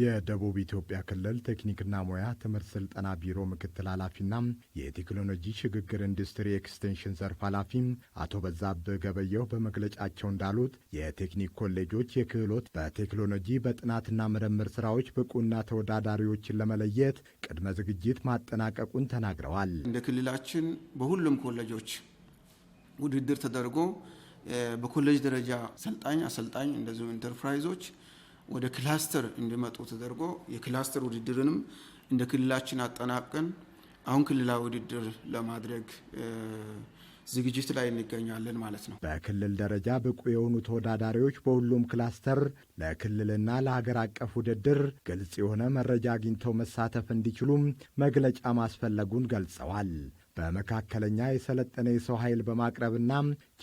የደቡብ ኢትዮጵያ ክልል ቴክኒክና ሙያ ትምህርት ስልጠና ቢሮ ምክትል ኃላፊና የቴክኖሎጂ ሽግግር ኢንዱስትሪ ኤክስቴንሽን ዘርፍ ኃላፊ አቶ በዛብህ ገበየሁ በመግለጫቸው እንዳሉት የቴክኒክ ኮሌጆች የክህሎት በቴክኖሎጂ በጥናትና ምርምር ስራዎች ብቁና ተወዳዳሪዎችን ለመለየት ቅድመ ዝግጅት ማጠናቀቁን ተናግረዋል። እንደ ክልላችን በሁሉም ኮሌጆች ውድድር ተደርጎ በኮሌጅ ደረጃ ሰልጣኝ አሰልጣኝ እንደዚሁም ኢንተርፕራይዞች ወደ ክላስተር እንዲመጡ ተደርጎ የክላስተር ውድድርንም እንደ ክልላችን አጠናቀን አሁን ክልላዊ ውድድር ለማድረግ ዝግጅት ላይ እንገኛለን ማለት ነው። በክልል ደረጃ ብቁ የሆኑ ተወዳዳሪዎች በሁሉም ክላስተር ለክልልና ለሀገር አቀፍ ውድድር ግልጽ የሆነ መረጃ አግኝተው መሳተፍ እንዲችሉም መግለጫ ማስፈለጉን ገልጸዋል። በመካከለኛ የሰለጠነ የሰው ኃይል በማቅረብና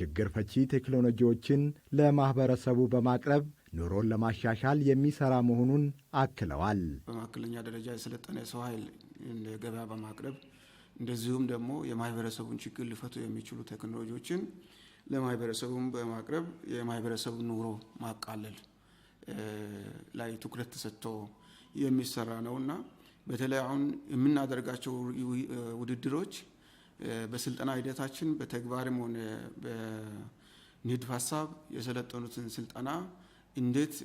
ችግር ፈቺ ቴክኖሎጂዎችን ለማህበረሰቡ በማቅረብ ኑሮን ለማሻሻል የሚሰራ መሆኑን አክለዋል። በመካከለኛ ደረጃ የሰለጠነ የሰው ኃይል ገበያ በማቅረብ እንደዚሁም ደግሞ የማህበረሰቡን ችግር ሊፈቱ የሚችሉ ቴክኖሎጂዎችን ለማህበረሰቡን በማቅረብ የማህበረሰቡ ኑሮ ማቃለል ላይ ትኩረት ተሰጥቶ የሚሰራ ነው እና በተለይ አሁን የምናደርጋቸው ውድድሮች በስልጠና ሂደታችን በተግባርም ሆነ በንድፍ ሀሳብ የሰለጠኑትን ስልጠና እንዴት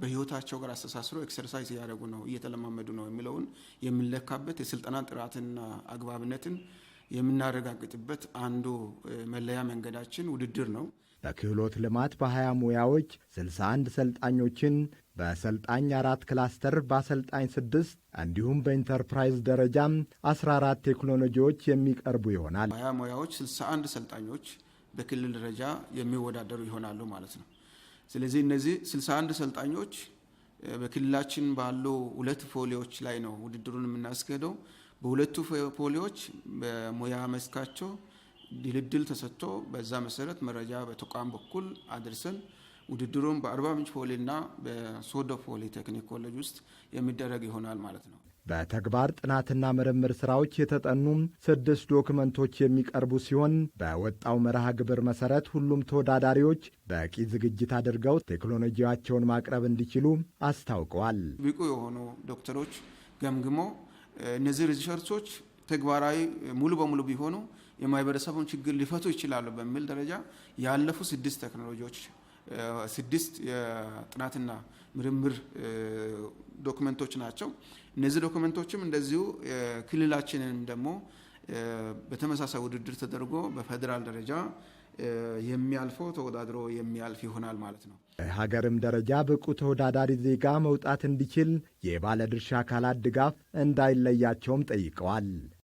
በህይወታቸው ጋር አስተሳስሮ ኤክሰርሳይዝ እያደረጉ ነው እየተለማመዱ ነው የሚለውን የምንለካበት የስልጠና ጥራትና አግባብነትን የምናረጋግጥበት አንዱ መለያ መንገዳችን ውድድር ነው። በክህሎት ልማት በሀያ ሙያዎች 61 ሰልጣኞችን በሰልጣኝ አራት ክላስተር በአሰልጣኝ ስድስት እንዲሁም በኢንተርፕራይዝ ደረጃም 14 ቴክኖሎጂዎች የሚቀርቡ ይሆናል። ሀያ ሙያዎች 61 ሰልጣኞች በክልል ደረጃ የሚወዳደሩ ይሆናሉ ማለት ነው። ስለዚህ እነዚህ 61 ሰልጣኞች በክልላችን ባሉ ሁለት ፖሊዎች ላይ ነው ውድድሩን የምናስገደው። በሁለቱ ፖሊዎች በሙያ መስካቸው ድልድል ተሰጥቶ በዛ መሰረት መረጃ በተቋም በኩል አድርሰን ውድድሩን በአርባ ምንጭ ፖሊና በሶዶ ቴክኒክ ኮሌጅ ውስጥ የሚደረግ ይሆናል ማለት ነው። በተግባር ጥናትና ምርምር ሥራዎች የተጠኑ ስድስት ዶክመንቶች የሚቀርቡ ሲሆን በወጣው መርሃ ግብር መሠረት ሁሉም ተወዳዳሪዎች በቂ ዝግጅት አድርገው ቴክኖሎጂያቸውን ማቅረብ እንዲችሉ አስታውቀዋል። ብቁ የሆኑ ዶክተሮች ገምግሞ እነዚህ ሪሰርቾች ተግባራዊ ሙሉ በሙሉ ቢሆኑ የማህበረሰቡን ችግር ሊፈቱ ይችላሉ በሚል ደረጃ ያለፉ ስድስት ቴክኖሎጂዎች ስድስት የጥናትና ምርምር ዶክመንቶች ናቸው። እነዚህ ዶክመንቶችም እንደዚሁ ክልላችንንም ደግሞ በተመሳሳይ ውድድር ተደርጎ በፌዴራል ደረጃ የሚያልፈው ተወዳድሮ የሚያልፍ ይሆናል ማለት ነው። በሀገርም ደረጃ ብቁ ተወዳዳሪ ዜጋ መውጣት እንዲችል የባለድርሻ አካላት ድጋፍ እንዳይለያቸውም ጠይቀዋል።